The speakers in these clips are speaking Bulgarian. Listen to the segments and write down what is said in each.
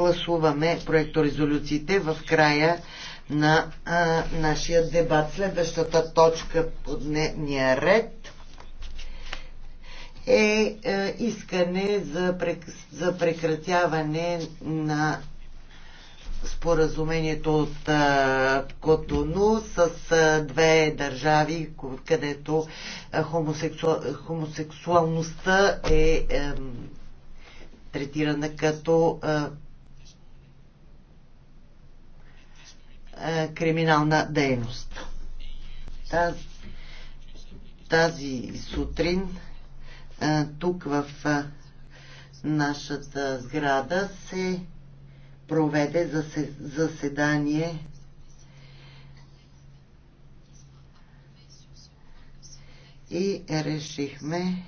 гласуваме проекторезолюциите в края на а, нашия дебат. Следващата точка по дневния ред е, а, е, искане за, прек, за прекратяване на споразумението от а, Котону с а, две държави, където а, хомосексу... хомосексуалността е, а, третирана като а, Е, криминална дейност. Тази, тази сутрин е, тук в е, нашата сграда се проведе заседание и решихме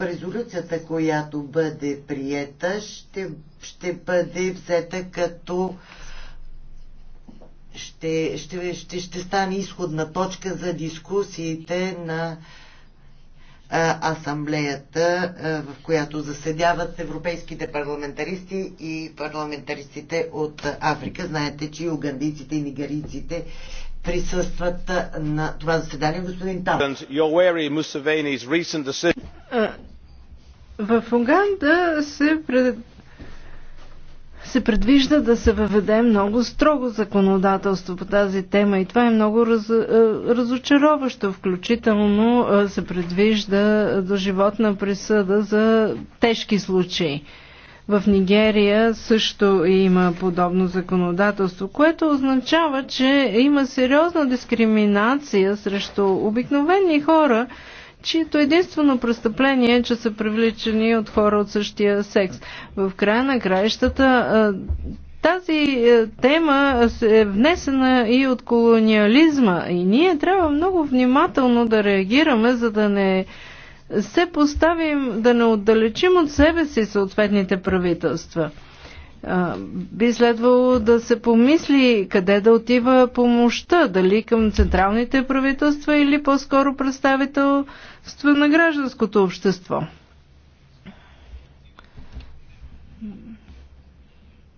резолюцията, която бъде приета, ще, ще бъде взета като ще, ще, ще, ще стане изходна точка за дискусиите на а, асамблеята, а, в която заседяват европейските парламентаристи и парламентаристите от Африка. Знаете, че и угандийците и нигерийците присъстват на това заседание. Господин Тан. В Уганда се, пред... се предвижда да се въведе много строго законодателство по тази тема и това е много раз... Е, разочароващо. Включително е, се предвижда до животна присъда за тежки случаи. В Нигерия също има подобно законодателство, което означава, че има сериозна дискриминация срещу обикновени хора, чието единствено престъпление е, че са привличани от хора от същия секс. В края на краищата тази тема е внесена и от колониализма и ние трябва много внимателно да реагираме, за да не се поставим, да не отдалечим от себе си съответните правителства. Би следвало да се помисли къде да отива помощта, дали към централните правителства или по-скоро представител присъства на гражданското общество.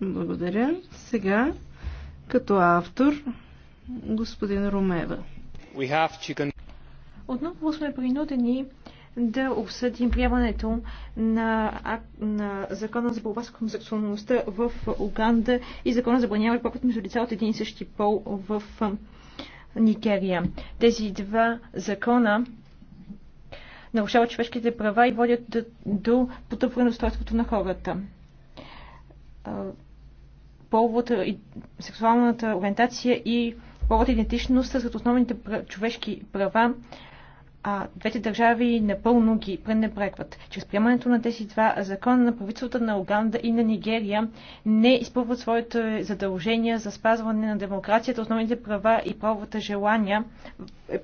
Благодаря. Сега, като автор, господин Ромева. Отново сме принудени да обсъдим приемането на, на закона за борба с хомосексуалността в Уганда и закона за бранява бракът между лица от един и същи пол в Никерия. Тези два закона нарушават човешките права и водят до потъпване устройството на хората. и сексуалната ориентация и половата идентичност са сред основните човешки права, а двете държави напълно ги пренебрегват. Чрез приемането на тези два закона на правителствата на Уганда и на Нигерия не изпълват своите задължения за спазване на демокрацията, основните права и правовата желания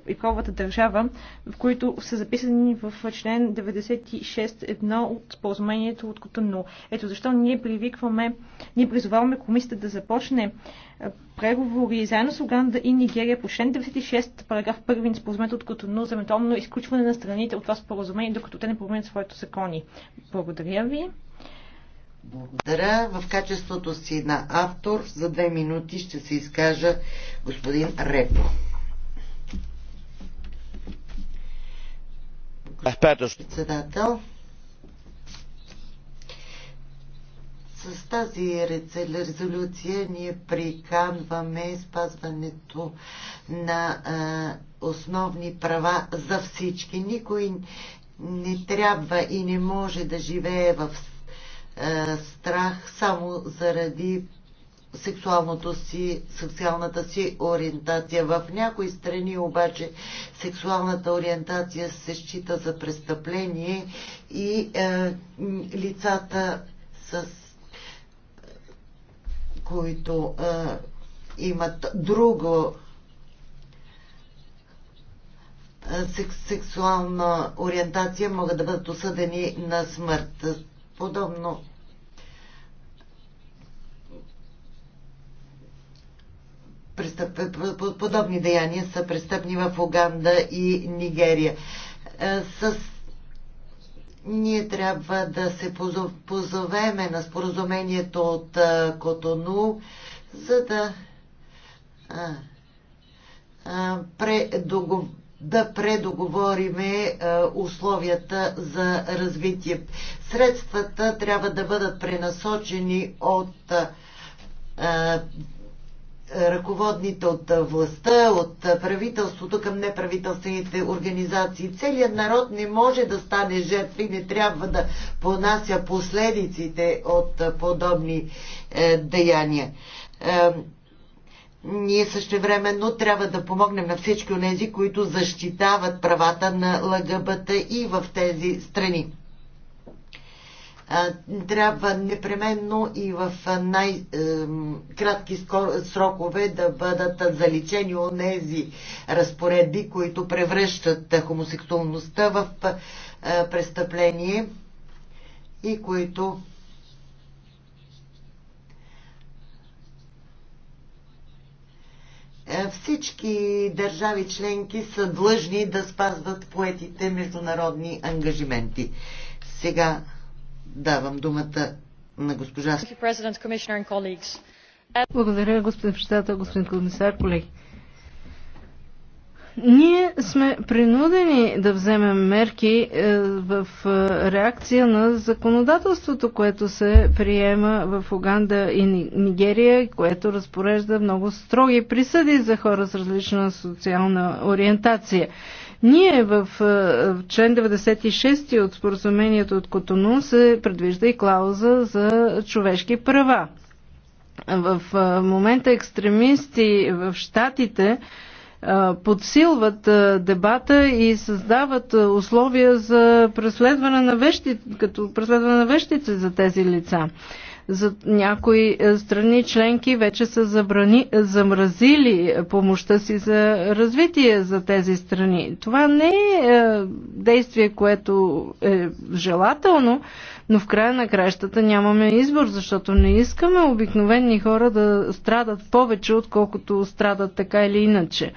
и правовата държава, в които са записани в член 96.1 от споразумението от Котону. Ето защо ние привикваме, ние призоваваме комисията да започне преговори заедно с Уганда и Нигерия по член 96, параграф 1 на споразумението от Котону за евентуално изключване на страните от това споразумение, докато те не променят своите закони. Благодаря ви. Благодаря. В качеството си на автор за две минути ще се изкажа господин Репо. Председател. С тази резолюция ние приканваме спазването на а, основни права за всички. Никой не трябва и не може да живее в а, страх само заради сексуалното си, сексуалната си ориентация. В някои страни обаче сексуалната ориентация се счита за престъпление и а, лицата с които а, имат друго сексуална ориентация могат да бъдат осъдени на смърт. Подобно подобни деяния са престъпни в Уганда и Нигерия. С ние трябва да се позовеме на споразумението от Котону, за да а, а, предогов... да предоговориме а, условията за развитие. Средствата трябва да бъдат пренасочени от а, ръководните от властта, от правителството към неправителствените организации. Целият народ не може да стане жертва и не трябва да понася последиците от подобни е, деяния. Е, ние същевременно трябва да помогнем на всички от тези, които защитават правата на ЛГБТ и в тези страни трябва непременно и в най-кратки срокове да бъдат заличени от тези разпоредби, които превръщат хомосексуалността в престъпление и които всички държави членки са длъжни да спазват поетите международни ангажименти. Сега Давам думата на госпожа. Благодаря, господин председател, господин комисар, колеги. Ние сме принудени да вземем мерки е, в е, реакция на законодателството, което се приема в Уганда и Нигерия, което разпорежда много строги присъди за хора с различна социална ориентация. Ние в, е, член 96 от споразумението от Котону се предвижда и клауза за човешки права. В е, момента екстремисти в Штатите е, подсилват дебата и създават условия за преследване на вещи, като преследване на вещите за тези лица. За някои е, страни членки вече са забрани, замразили помощта си за развитие за тези страни. Това не е, е действие, което е желателно, но в края на кращата нямаме избор, защото не искаме обикновени хора да страдат повече, отколкото страдат така или иначе.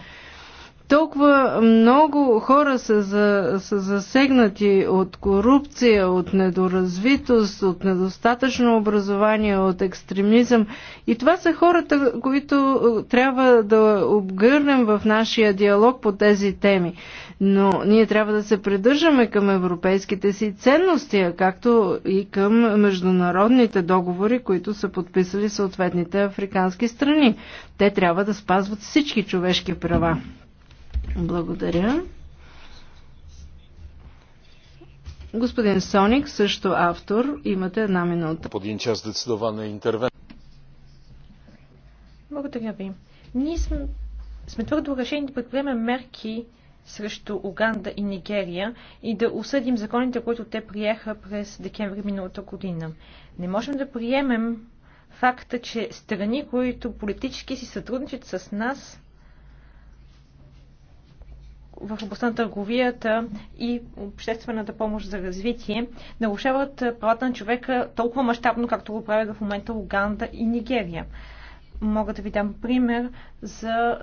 Толкова много хора са, за, са засегнати от корупция, от недоразвитост, от недостатъчно образование, от екстремизъм. И това са хората, които трябва да обгърнем в нашия диалог по тези теми. Но ние трябва да се придържаме към европейските си ценности, както и към международните договори, които са подписали съответните африкански страни. Те трябва да спазват всички човешки права. Благодаря. Господин Соник, също автор, имате една минута. Подинча здецидована интервен. Благодаря ви. Ние сме, сме твърдо решени да предприемем мерки срещу Уганда и Нигерия и да осъдим законите, които те приеха през декември миналата година. Не можем да приемем факта, че страни, които политически си сътрудничат с нас, в областта на търговията и обществената помощ за развитие нарушават правата на човека толкова мащабно, както го правят в момента Уганда и Нигерия. Мога да ви дам пример за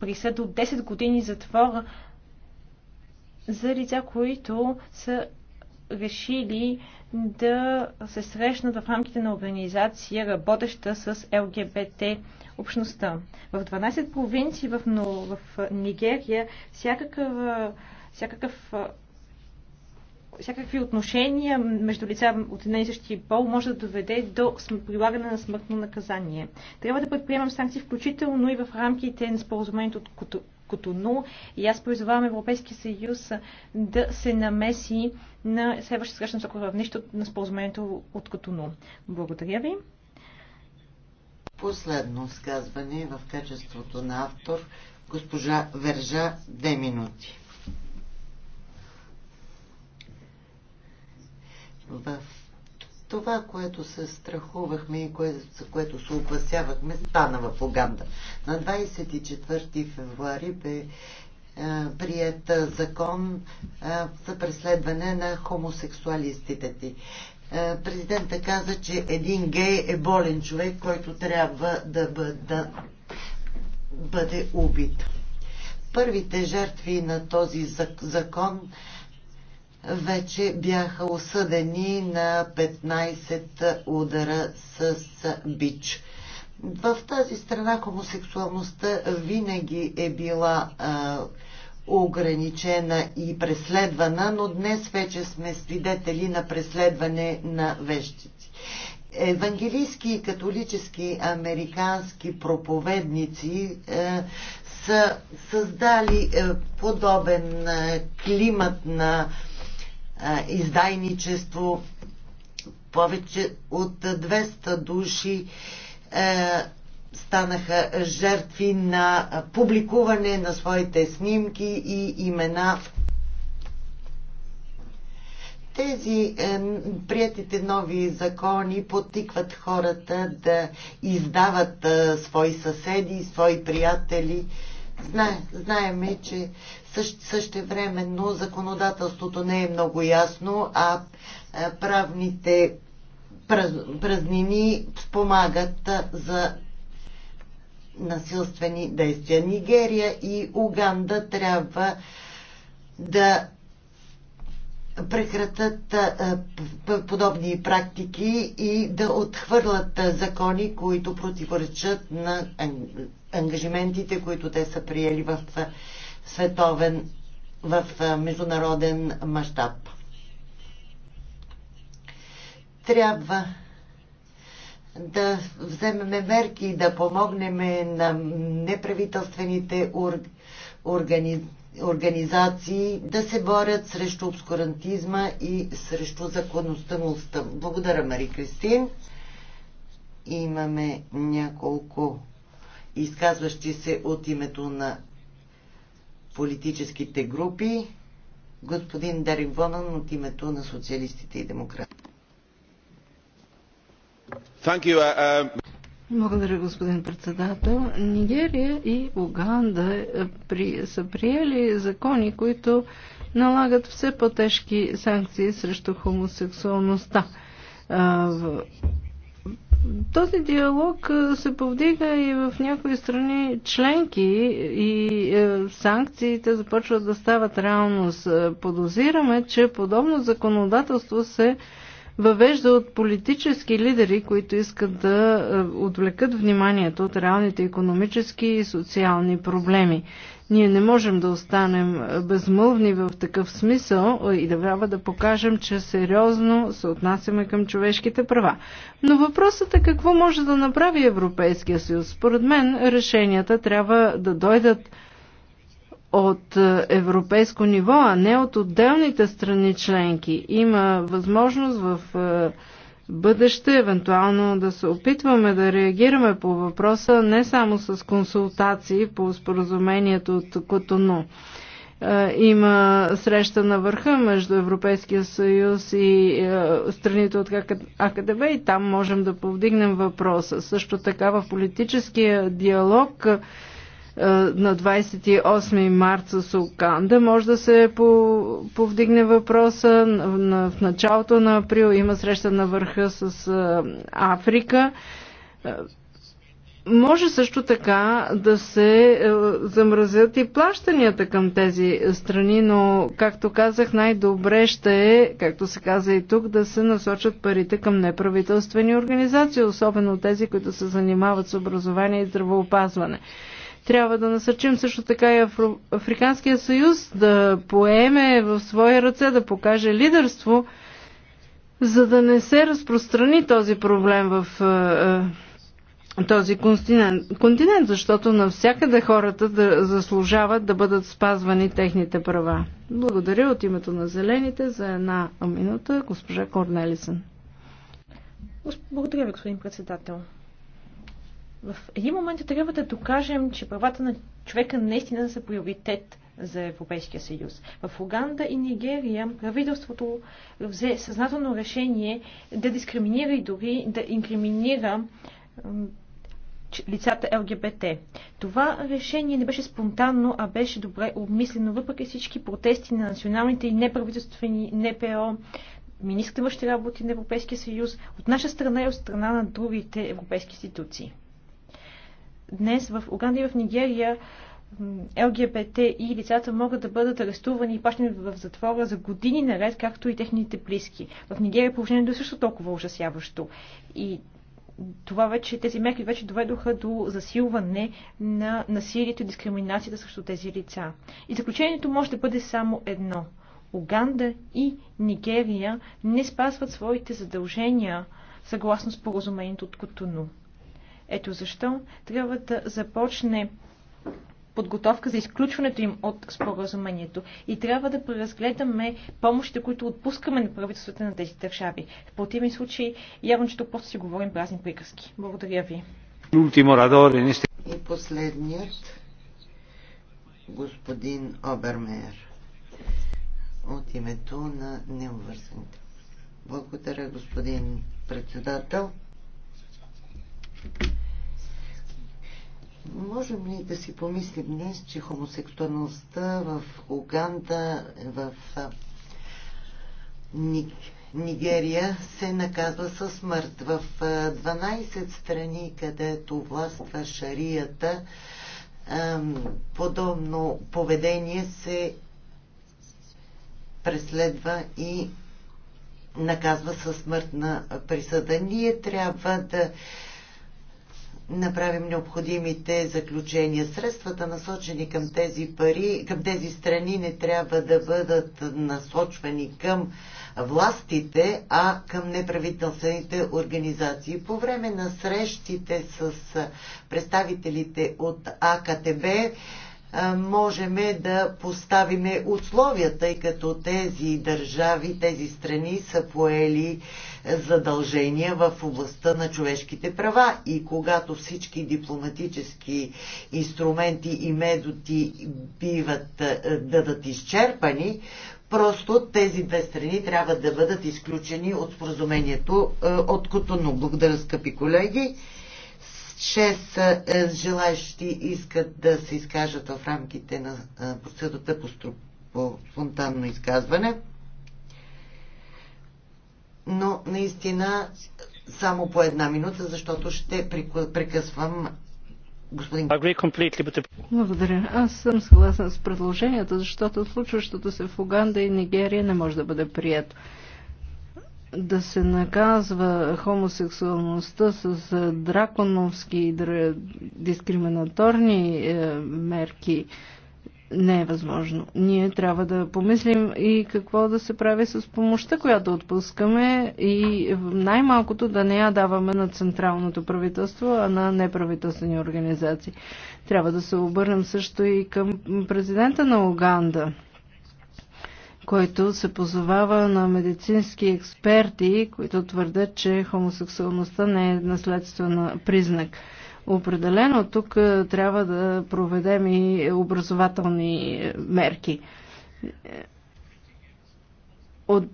присъда от 10 години затвора за лица, които са решили да се срещнат в рамките на организация, работеща с ЛГБТ общността. В 12 провинции в, но, в Нигерия всякакъв, всякакъв всякакви отношения между лица от една и същи пол може да доведе до прилагане на смъртно наказание. Трябва да предприемам санкции, включително и в рамките на споразумението от Котону. И аз призовавам Европейския съюз да се намеси на следващата среща на високо равнище на споразумението от Котону. Благодаря ви. Последно сказване в качеството на автор госпожа Вержа, две минути. В това, което се страхувахме и кое, за което се опасявахме, стана в Уганда. На 24 февруари бе е, прият е, закон е, за преследване на хомосексуалистите ти. Президента каза, че един гей е болен човек, който трябва да бъде, да бъде убит. Първите жертви на този закон вече бяха осъдени на 15 удара с бич. В тази страна хомосексуалността винаги е била а, ограничена и преследвана, но днес вече сме свидетели на преследване на вещици. Евангелийски и католически американски проповедници е, са създали е, подобен е, климат на е, издайничество. Повече от 200 души станаха жертви на публикуване на своите снимки и имена. Тези е, приятите нови закони потикват хората да издават е, свои съседи, свои приятели, е, Знае, знаеме, че също, същевременно законодателството не е много ясно, а правните праз, празнини спомагат за насилствени действия. Нигерия и Уганда трябва да прекратат подобни практики и да отхвърлят закони, които противоречат на ангажиментите, които те са приели в световен, в международен мащаб. Трябва да вземем мерки и да помогнем на неправителствените органи... организации да се борят срещу обскурантизма и срещу законността. Благодаря, Мари Кристин. Имаме няколко изказващи се от името на политическите групи. Господин Дарик Вонан от името на социалистите и демократите. Uh, uh, Благодаря, господин председател. Нигерия и Уганда е, при, са приели закони, които налагат все по-тежки санкции срещу хомосексуалността. В този диалог се повдига и в някои страни членки и е, санкциите започват да стават реалност. Е, подозираме, че подобно законодателство се въвежда от политически лидери, които искат да е, отвлекат вниманието от реалните економически и социални проблеми. Ние не можем да останем безмълвни в такъв смисъл и да трябва да покажем, че сериозно се отнасяме към човешките права. Но въпросът е какво може да направи Европейския съюз. Според мен решенията трябва да дойдат от европейско ниво, а не от отделните страни членки. Има възможност в бъдеще, евентуално да се опитваме да реагираме по въпроса не само с консултации по споразумението от Котону. Е, има среща на върха между Европейския съюз и е, страните от АКДБ и там можем да повдигнем въпроса. Също така в политическия диалог е, на 28 март с Оканда. Може да се повдигне въпроса в началото на април. Има среща на върха с е, Африка. Е, може също така да се замразят и плащанията към тези страни, но, както казах, най-добре ще е, както се каза и тук, да се насочат парите към неправителствени организации, особено тези, които се занимават с образование и здравоопазване. Трябва да насърчим също така и Афро... Африканския съюз да поеме в своя ръце, да покаже лидерство, за да не се разпространи този проблем в е, е, този континент, континент, защото навсякъде хората да заслужават да бъдат спазвани техните права. Благодаря от името на Зелените за една минута, госпожа Корнелисън. Благодаря ви, господин председател в един момент трябва да докажем, че правата на човека наистина са приоритет за Европейския съюз. В Уганда и Нигерия правителството взе съзнателно решение да дискриминира и дори да инкриминира лицата ЛГБТ. Това решение не беше спонтанно, а беше добре обмислено, въпреки всички протести на националните и неправителствени НПО, министрите външни работи на Европейския съюз, от наша страна и от страна на другите европейски институции. Днес в Уганда и в Нигерия ЛГБТ и лицата могат да бъдат арестувани и пащани в затвора за години наред, както и техните близки. В Нигерия положението е също толкова ужасяващо. И това вече, тези мерки вече доведоха до засилване на насилието и дискриминацията срещу тези лица. И заключението може да бъде само едно. Уганда и Нигерия не спазват своите задължения съгласно споразумението от Котону. Ето защо трябва да започне подготовка за изключването им от споразумението. И трябва да преразгледаме помощите, които отпускаме на правителствата на тези държави. В противен случай, явно, че тук просто си говорим празни приказки. Благодаря ви. И последният господин Обермеер от името на неувързаните. Благодаря, господин председател. Можем ли да си помислим днес, че хомосексуалността в Уганда, в Нигерия се наказва със смърт. В 12 страни, където властва шарията, подобно поведение се преследва и наказва със смъртна присъда. Ние трябва да направим необходимите заключения. Средствата насочени към тези пари, към тези страни не трябва да бъдат насочвани към властите, а към неправителствените организации. По време на срещите с представителите от АКТБ можем да поставиме условия, тъй като тези държави, тези страни са поели задължения в областта на човешките права и когато всички дипломатически инструменти и методи биват бъдат изчерпани, просто тези две страни трябва да бъдат изключени от споразумението от Котону. Благодаря, скъпи колеги. 6 е, желаящи искат да се изкажат в рамките на посъдата по, стру... по спонтанно изказване. Но наистина само по една минута, защото ще прекъсвам господин. Благодаря. Аз съм съгласен с предложението, защото случващото се в Уганда и Нигерия не може да бъде прието да се наказва хомосексуалността с драконовски и дискриминаторни е, мерки не е възможно. Ние трябва да помислим и какво да се прави с помощта, която отпускаме и най-малкото да не я даваме на централното правителство, а на неправителствени организации. Трябва да се обърнем също и към президента на Уганда който се позовава на медицински експерти, които твърдят, че хомосексуалността не е наследствен признак. Определено тук е, трябва да проведем и образователни е, мерки. Е, от...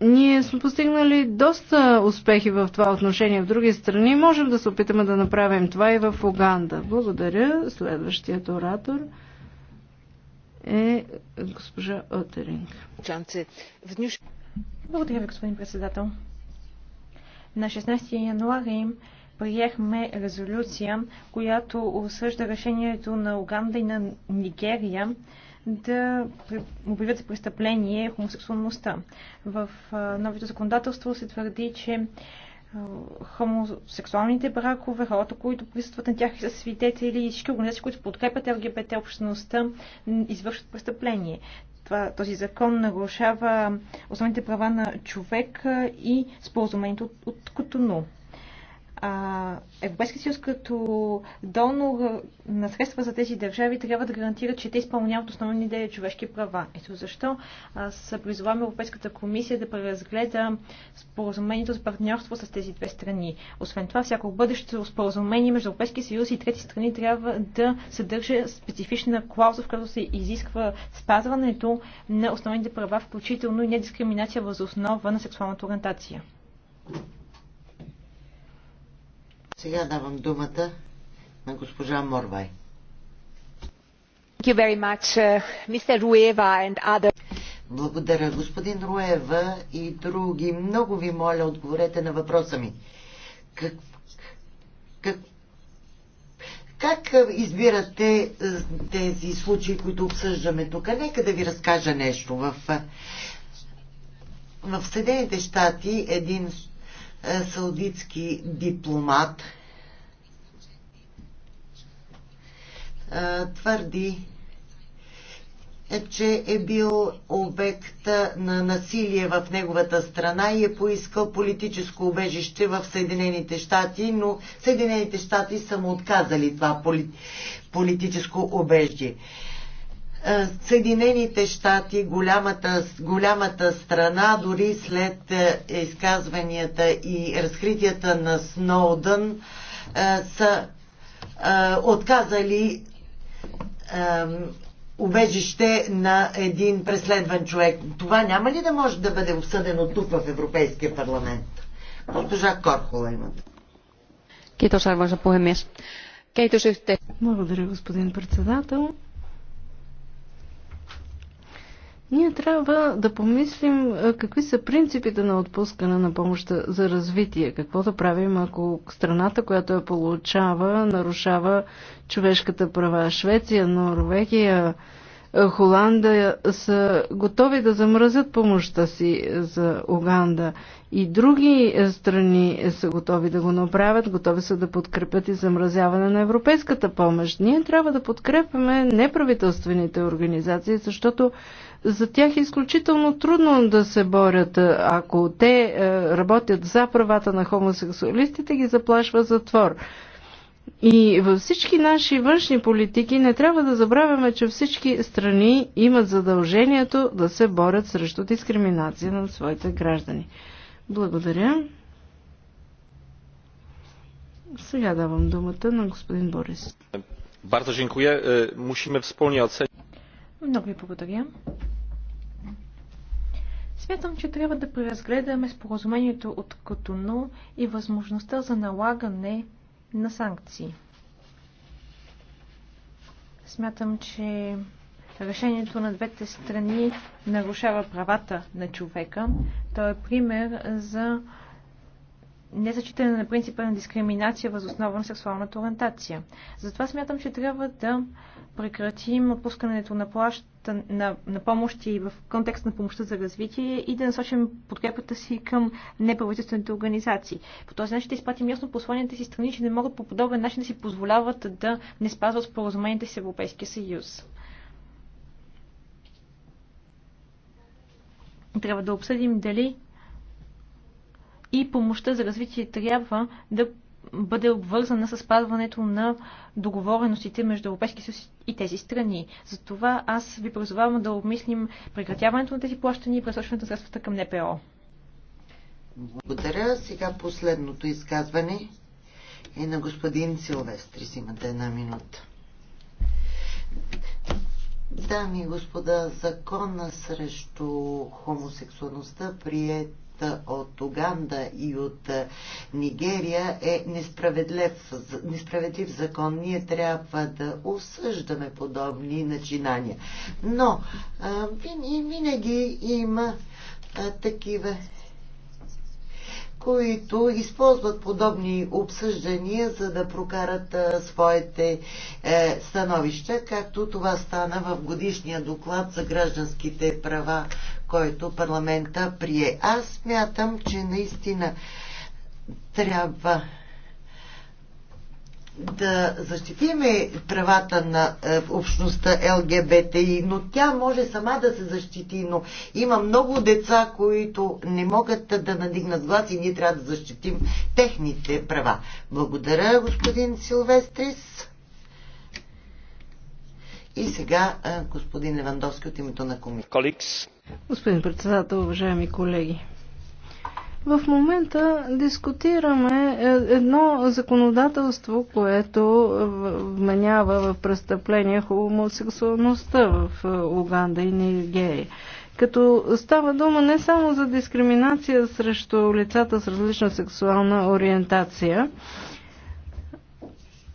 Ние сме постигнали доста успехи в това отношение в други страни. Можем да се опитаме да направим това и в Уганда. Благодаря. Следващият оратор е госпожа Отеринг. Благодаря ви, господин председател. На 16 януари приехме резолюция, която осъжда решението на Уганда и на Нигерия да обявят за престъпление хомосексуалността. В новото законодателство се твърди, че хомосексуалните бракове, хората, които присъстват на тях и са свидетели и всички организации, които подкрепят ЛГБТ общността, извършват престъпление. Това, този закон нарушава основните права на човек и споразумението от, от Котону. Европейския съюз като донор на средства за тези държави трябва да гарантира, че те изпълняват основни основните човешки права. Ето защо аз призовавам Европейската комисия да преразгледа споразумението за партньорство с тези две страни. Освен това, всяко бъдещо споразумение между Европейския съюз и трети страни трябва да съдържа специфична клауза, в която се изисква спазването на основните права, включително и недискриминация въз основа на сексуалната ориентация. Сега давам думата на госпожа Морвай. Uh, Благодаря, господин Руева и други. Много ви моля, отговорете на въпроса ми. Как, как, как избирате е, тези случаи, които обсъждаме тук? Нека да ви разкажа нещо. В, в Съединените щати един е, саудитски дипломат е, твърди, е, че е бил обект на насилие в неговата страна и е поискал политическо убежище в Съединените щати, но Съединените щати са му отказали това политическо убежище. Е, Съединените щати, голямата, голямата страна, дори след е, изказванията и разкритията на Сноудън, е, са отказали убежище на един преследван човек. Това няма ли да може да бъде обсъдено тук в Европейския парламент? Госпожа Корхола има. Благодаря, господин председател. Ние трябва да помислим какви са принципите на отпускане на помощта за развитие. Какво да правим, ако страната, която я получава, нарушава човешката права. Швеция, Норвегия, Холанда са готови да замръзят помощта си за Уганда и други страни са готови да го направят, готови са да подкрепят и замразяване на европейската помощ. Ние трябва да подкрепяме неправителствените организации, защото за тях е изключително трудно да се борят. Ако те е, работят за правата на хомосексуалистите, ги заплашва затвор. И във всички наши външни политики не трябва да забравяме, че всички страни имат задължението да се борят срещу дискриминация на своите граждани. Благодаря. Сега давам думата на господин Борис. Bardzo dziękuję. E, musimy wspólnie ocenić. Много ви благодаря. Смятам, че трябва да преразгледаме споразумението от Котону и възможността за налагане на санкции. Смятам, че решението на двете страни нарушава правата на човека. То е пример за незачитане на принципа на дискриминация въз основа на сексуалната ориентация. Затова смятам, че трябва да прекратим отпускането на плащ контекста на, на помощи, в контекста на помощта за развитие и да насочим подкрепата си към неправителствените организации. По този начин ще изпратим ясно посланията си страни, че не могат по подобен начин да си позволяват да не спазват споразумените с Европейския съюз. Трябва да обсъдим дали и помощта за развитие трябва да бъде обвързана с спазването на договореностите между Европейски съюз и тези страни. Затова аз ви призовавам да обмислим прекратяването на тези плащания и пресочването на средствата към НПО. Благодаря. Сега последното изказване е на господин Силвестри, Имате една минута. Дами и господа, закона срещу хомосексуалността прият от Уганда и от е, Нигерия е несправедлив, несправедлив закон. Ние трябва да осъждаме подобни начинания. Но винаги има такива които използват подобни обсъждания, за да прокарат а, своите е, становища, както това стана в годишния доклад за гражданските права, който парламента прие. Аз мятам, че наистина трябва да защитиме правата на е, общността ЛГБТИ, но тя може сама да се защити, но има много деца, които не могат да надигнат глас и ние трябва да защитим техните права. Благодаря, господин Силвестрис. И сега е, господин Левандовски от името на комисията. Господин председател, уважаеми колеги. В момента дискутираме е, едно законодателство, което вменява в престъпление хомосексуалността в е, Уганда и Нигерия. Като става дума не само за дискриминация срещу лицата с различна сексуална ориентация,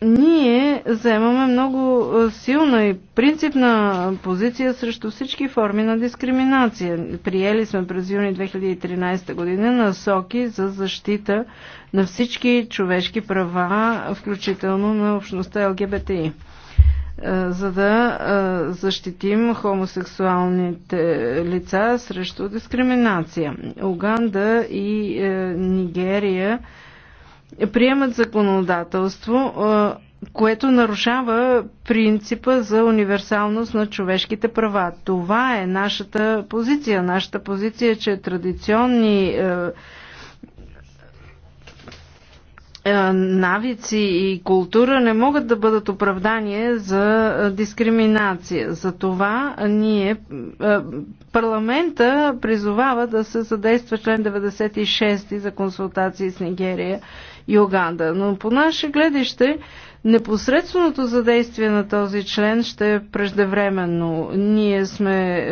ние заемаме много силна и принципна позиция срещу всички форми на дискриминация. Приели сме през юни 2013 година насоки за защита на всички човешки права, включително на общността ЛГБТИ за да защитим хомосексуалните лица срещу дискриминация. Уганда и е, Нигерия приемат законодателство, което нарушава принципа за универсалност на човешките права. Това е нашата позиция. Нашата позиция е, че традиционни е, навици и култура не могат да бъдат оправдание за е, дискриминация. За това ние е, парламента призовава да се задейства член 96 за консултации с Нигерия и Уганда. Но по наше гледище непосредственото задействие на този член ще е преждевременно. Ние сме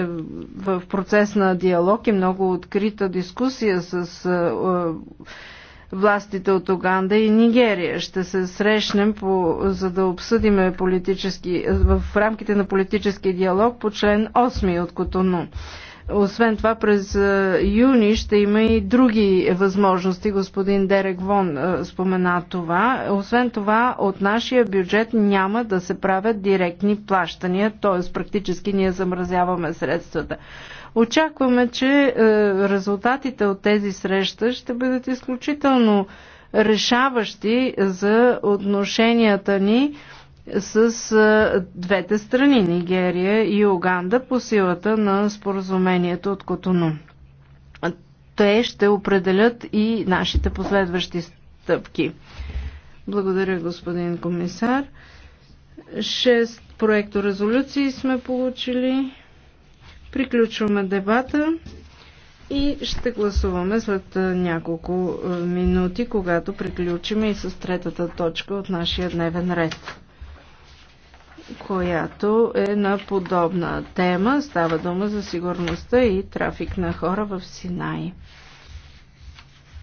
в процес на диалог и много открита дискусия с властите от Уганда и Нигерия. Ще се срещнем, по, за да обсъдим политически, в рамките на политически диалог по член 8 от Котону. Освен това, през юни ще има и други възможности. Господин Дерек Вон спомена това. Освен това, от нашия бюджет няма да се правят директни плащания, т.е. практически ние замразяваме средствата. Очакваме, че резултатите от тези среща ще бъдат изключително решаващи за отношенията ни с двете страни Нигерия и Уганда по силата на споразумението от Котону. Те ще определят и нашите последващи стъпки. Благодаря, господин комисар. Шест проекто резолюции сме получили. Приключваме дебата и ще гласуваме след няколко минути, когато приключим и с третата точка от нашия дневен ред която е на подобна тема. Става дума за сигурността и трафик на хора в Синай.